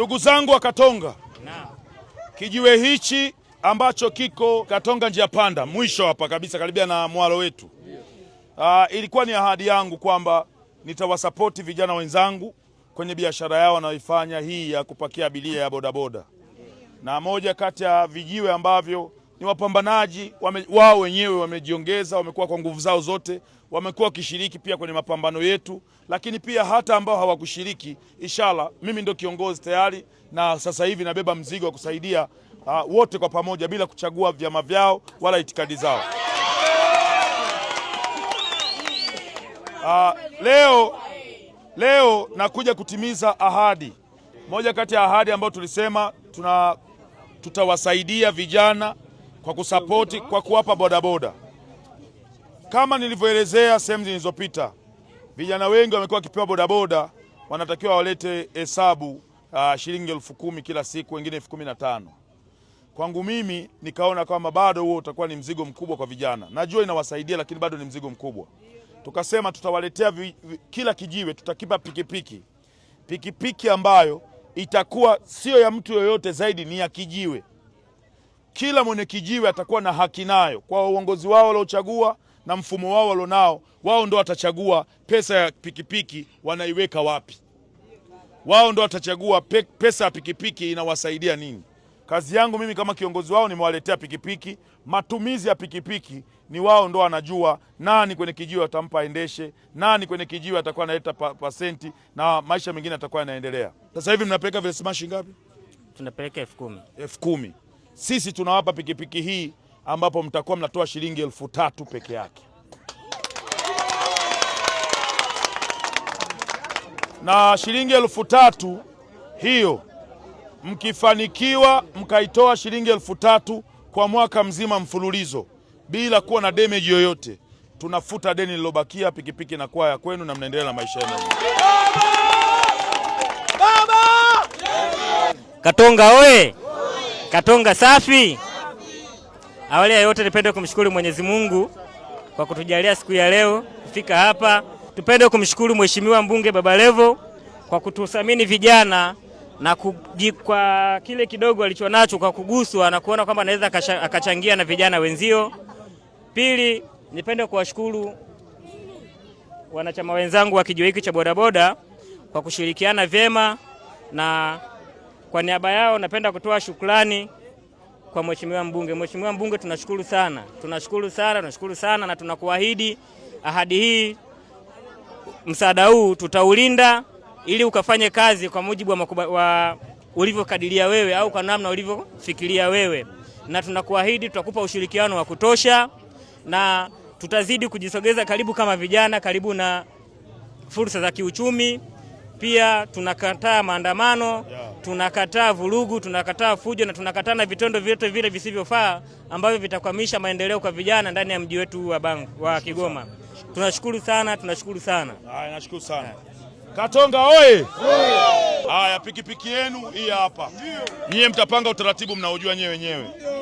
Ndugu zangu wa Katonga, kijiwe hichi ambacho kiko Katonga njia panda mwisho hapa kabisa karibia na mwalo wetu. Uh, ilikuwa ni ahadi yangu kwamba nitawasapoti vijana wenzangu kwenye biashara yao wanaoifanya hii ya kupakia abiria ya bodaboda, na moja kati ya vijiwe ambavyo ni wapambanaji wame, wao wenyewe wamejiongeza, wamekuwa kwa nguvu zao zote, wamekuwa wakishiriki pia kwenye mapambano yetu, lakini pia hata ambao hawakushiriki, inshallah mimi ndio kiongozi tayari, na sasa hivi nabeba mzigo wa kusaidia uh, wote kwa pamoja bila kuchagua vyama vyao wala itikadi zao. Uh, leo, leo nakuja kutimiza ahadi moja kati ya ahadi ambayo tulisema tuna tutawasaidia vijana kwa kusapoti kwa kuwapa bodaboda. Kama nilivyoelezea sehemu zilizopita, vijana wengi wamekuwa wakipewa bodaboda, wanatakiwa walete hesabu uh, shilingi elfu kumi kila siku, wengine elfu kumi na tano. Kwangu mimi nikaona kwamba bado huo utakuwa ni mzigo mkubwa kwa vijana. Najua inawasaidia, lakini bado ni mzigo mkubwa. Tukasema tutawaletea vi, vi, kila kijiwe tutakipa pikipiki pikipiki ambayo itakuwa sio ya mtu yoyote zaidi, ni ya kijiwe kila mwenye kijiwe atakuwa na haki nayo kwa uongozi wao waliochagua na mfumo wao walionao. Wao ndo watachagua pesa ya pikipiki wanaiweka wapi, wao ndo watachagua pesa ya pikipiki inawasaidia nini. Kazi yangu mimi kama kiongozi wao, nimewaletea pikipiki. Matumizi ya pikipiki ni wao ndo wanajua nani kwenye kijiwe atampa aendeshe, nani kwenye kijiwe atakuwa analeta pasenti na maisha mengine atakuwa yanaendelea. Sasa hivi mnapeleka vile smashi ngapi? Tunapeleka elfu kumi elfu kumi sisi tunawapa pikipiki hii ambapo mtakuwa mnatoa shilingi elfu tatu peke yake, na shilingi elfu tatu hiyo mkifanikiwa mkaitoa shilingi elfu tatu kwa mwaka mzima mfululizo bila kuwa na demeji yoyote, tunafuta deni lilobakia, pikipiki na kwaya kwenu na mnaendelea na maisha yenu. Katonga oye! Katonga safi. Awali ya yote nipende kumshukuru Mwenyezi Mungu kwa kutujalia siku ya leo kufika hapa. Tupende kumshukuru Mheshimiwa Mbunge Baba Levo kwa kututhamini vijana na kwa kile kidogo alichonacho kwa kuguswa na kuona kwamba anaweza akachangia na vijana wenzio. Pili, nipende kuwashukuru wanachama wenzangu wa kijiwe hiki cha bodaboda kwa kushirikiana vyema na kwa niaba yao napenda kutoa shukrani kwa mheshimiwa mbunge. Mheshimiwa mbunge, tunashukuru sana, tunashukuru sana, tunashukuru sana, na tunakuahidi ahadi hii, msaada huu tutaulinda ili ukafanye kazi kwa mujibu wa, wa ulivyokadiria wewe au kwa namna ulivyofikiria wewe, na tunakuahidi tutakupa ushirikiano wa kutosha na tutazidi kujisogeza karibu kama vijana, karibu na fursa za kiuchumi. Pia tunakataa maandamano, tunakataa vurugu, tunakataa fujo na tunakataa na vitendo vyote vile visivyofaa ambavyo vitakwamisha maendeleo kwa vijana ndani ya mji wetu wa Bangu, wa Kigoma. Tunashukuru sana, tunashukuru sana. Haya, nashukuru sana. Katonga oye! Haya, pikipiki yenu hii hapa. Nyie mtapanga utaratibu mnaojua nyewe wenyewe.